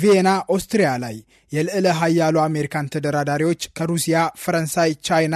ቪየና ኦስትሪያ ላይ የልዕለ ሀያሉ አሜሪካን ተደራዳሪዎች ከሩሲያ፣ ፈረንሳይ፣ ቻይና፣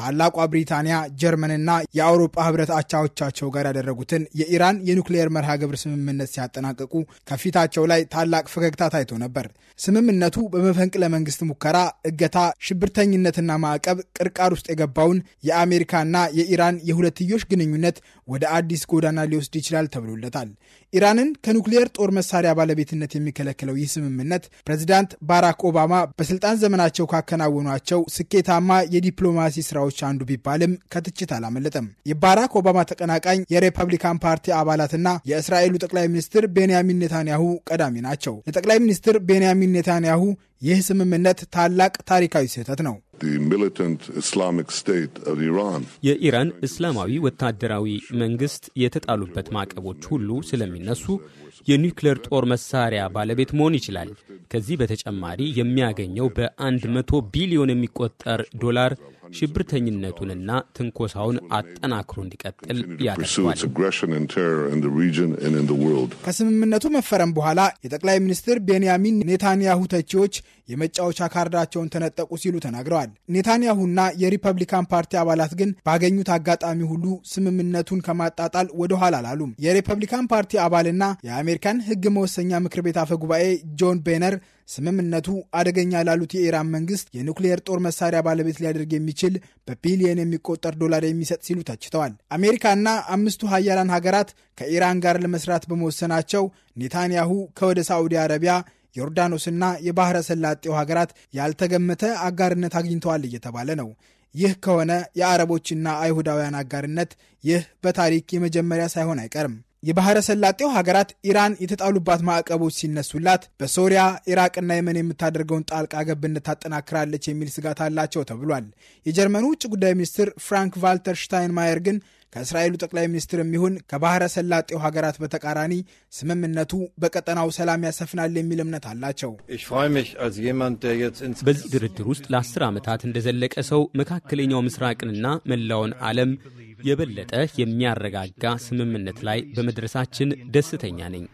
ታላቋ ብሪታንያ፣ ጀርመንና የአውሮፓ ህብረት አቻዎቻቸው ጋር ያደረጉትን የኢራን የኑክሌየር መርሃ ግብር ስምምነት ሲያጠናቀቁ ከፊታቸው ላይ ታላቅ ፈገግታ ታይቶ ነበር። ስምምነቱ በመፈንቅለ መንግስት ሙከራ፣ እገታ፣ ሽብርተኝነትና ማዕቀብ ቅርቃር ውስጥ የገባውን የአሜሪካና የኢራን የሁለትዮሽ ግንኙነት ወደ አዲስ ጎዳና ሊወስድ ይችላል ተብሎለታል። ኢራንን ከኑክሌየር ጦር መሳሪያ ባለቤትነት የሚከለክለው ይህ ስምምነት ፕሬዚዳንት ባራክ ኦባማ በስልጣን ዘመናቸው ካከናወኗቸው ስኬታማ የዲፕሎማሲ ስራ ስራዎች አንዱ ቢባልም ከትችት አላመለጠም። የባራክ ኦባማ ተቀናቃኝ የሪፐብሊካን ፓርቲ አባላትና የእስራኤሉ ጠቅላይ ሚኒስትር ቤንያሚን ኔታንያሁ ቀዳሚ ናቸው። ለጠቅላይ ሚኒስትር ቤንያሚን ኔታንያሁ ይህ ስምምነት ታላቅ ታሪካዊ ስህተት ነው። የኢራን እስላማዊ ወታደራዊ መንግስት የተጣሉበት ማዕቀቦች ሁሉ ስለሚነሱ የኒውክሌር ጦር መሳሪያ ባለቤት መሆን ይችላል። ከዚህ በተጨማሪ የሚያገኘው በ100 ቢሊዮን የሚቆጠር ዶላር ሽብርተኝነቱንና ትንኮሳውን አጠናክሮ እንዲቀጥል ያደርጓል። ከስምምነቱ መፈረም በኋላ የጠቅላይ ሚኒስትር ቤንያሚን ኔታንያሁ ተቺዎች የመጫወቻ ካርዳቸውን ተነጠቁ ሲሉ ተናግረዋል። ኔታንያሁና የሪፐብሊካን ፓርቲ አባላት ግን ባገኙት አጋጣሚ ሁሉ ስምምነቱን ከማጣጣል ወደኋላ አላሉም። የሪፐብሊካን ፓርቲ አባልና የአሜሪካን ሕግ መወሰኛ ምክር ቤት አፈ ጉባኤ ጆን ቤነር ስምምነቱ አደገኛ ላሉት የኢራን መንግስት የኑክሌየር ጦር መሳሪያ ባለቤት ሊያደርግ የሚችል በቢሊየን የሚቆጠር ዶላር የሚሰጥ ሲሉ ተችተዋል። አሜሪካና አምስቱ ሀያላን ሀገራት ከኢራን ጋር ለመስራት በመወሰናቸው ኔታንያሁ ከወደ ሳዑዲ አረቢያ ዮርዳኖስና የባህረ ሰላጤው ሀገራት ያልተገመተ አጋርነት አግኝተዋል እየተባለ ነው። ይህ ከሆነ የአረቦችና አይሁዳውያን አጋርነት ይህ በታሪክ የመጀመሪያ ሳይሆን አይቀርም። የባህረ ሰላጤው ሀገራት ኢራን የተጣሉባት ማዕቀቦች ሲነሱላት በሶሪያ ኢራቅና የመን የምታደርገውን ጣልቃ ገብነት ታጠናክራለች የሚል ስጋት አላቸው ተብሏል። የጀርመኑ ውጭ ጉዳይ ሚኒስትር ፍራንክ ቫልተር ሽታይንማየር ግን ከእስራኤሉ ጠቅላይ ሚኒስትር የሚሆን ከባህረ ሰላጤው ሀገራት በተቃራኒ ስምምነቱ በቀጠናው ሰላም ያሰፍናል የሚል እምነት አላቸው። በዚህ ድርድር ውስጥ ለአስር ዓመታት እንደዘለቀ ሰው መካከለኛው ምስራቅንና መላውን ዓለም የበለጠ የሚያረጋጋ ስምምነት ላይ በመድረሳችን ደስተኛ ነኝ።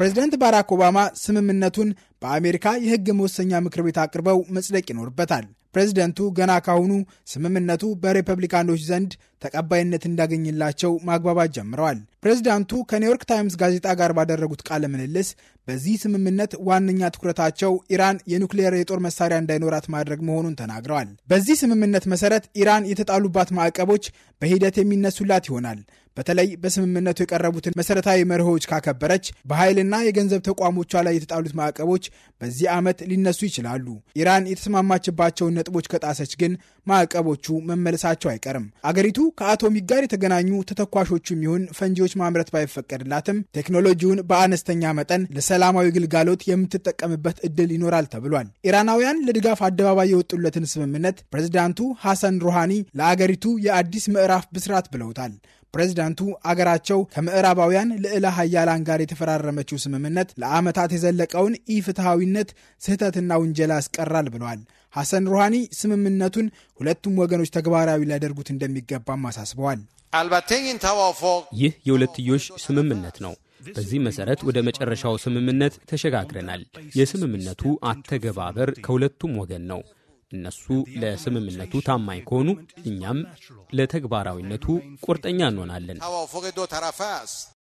ፕሬዚደንት ባራክ ኦባማ ስምምነቱን በአሜሪካ የሕግ መወሰኛ ምክር ቤት አቅርበው መጽደቅ ይኖርበታል። ፕሬዚደንቱ ገና ካሁኑ ስምምነቱ በሪፐብሊካኖች ዘንድ ተቀባይነት እንዳገኝላቸው ማግባባት ጀምረዋል። ፕሬዚዳንቱ ከኒውዮርክ ታይምስ ጋዜጣ ጋር ባደረጉት ቃለ ምልልስ በዚህ ስምምነት ዋነኛ ትኩረታቸው ኢራን የኑክሌር የጦር መሳሪያ እንዳይኖራት ማድረግ መሆኑን ተናግረዋል። በዚህ ስምምነት መሰረት ኢራን የተጣሉባት ማዕቀቦች በሂደት የሚነሱላት ይሆናል። በተለይ በስምምነቱ የቀረቡትን መሰረታዊ መርሆዎች ካከበረች በኃይልና የገንዘብ ተቋሞቿ ላይ የተጣሉት ማዕቀቦች በዚህ ዓመት ሊነሱ ይችላሉ። ኢራን የተስማማችባቸውን ነጥቦች ከጣሰች ግን ማዕቀቦቹ መመለሳቸው አይቀርም። አገሪቱ ከአቶሚክ ጋር የተገናኙ ተተኳሾቹ የሚሆን ፈንጂዎች ማምረት ባይፈቀድላትም ቴክኖሎጂውን በአነስተኛ መጠን ለሰላማዊ ግልጋሎት የምትጠቀምበት እድል ይኖራል ተብሏል። ኢራናውያን ለድጋፍ አደባባይ የወጡለትን ስምምነት ፕሬዚዳንቱ ሐሰን ሩሃኒ ለአገሪቱ የአዲስ ምዕራፍ ብስራት ብለውታል። ፕሬዚዳንቱ አገራቸው ከምዕራባውያን ልዕለ ሀያላን ጋር የተፈራረመችው ስምምነት ለዓመታት የዘለቀውን ኢፍትሐዊነት፣ ስህተትና ውንጀላ ያስቀራል ብለዋል። ሐሰን ሩሃኒ ስምምነቱን ሁለቱም ወገኖች ተግባራዊ ሊያደርጉት እንደሚገባም አሳስበዋል። ይህ የሁለትዮሽ ስምምነት ነው። በዚህ መሰረት ወደ መጨረሻው ስምምነት ተሸጋግረናል። የስምምነቱ አተገባበር ከሁለቱም ወገን ነው። እነሱ ለስምምነቱ ታማኝ ከሆኑ እኛም ለተግባራዊነቱ ቁርጠኛ እንሆናለን።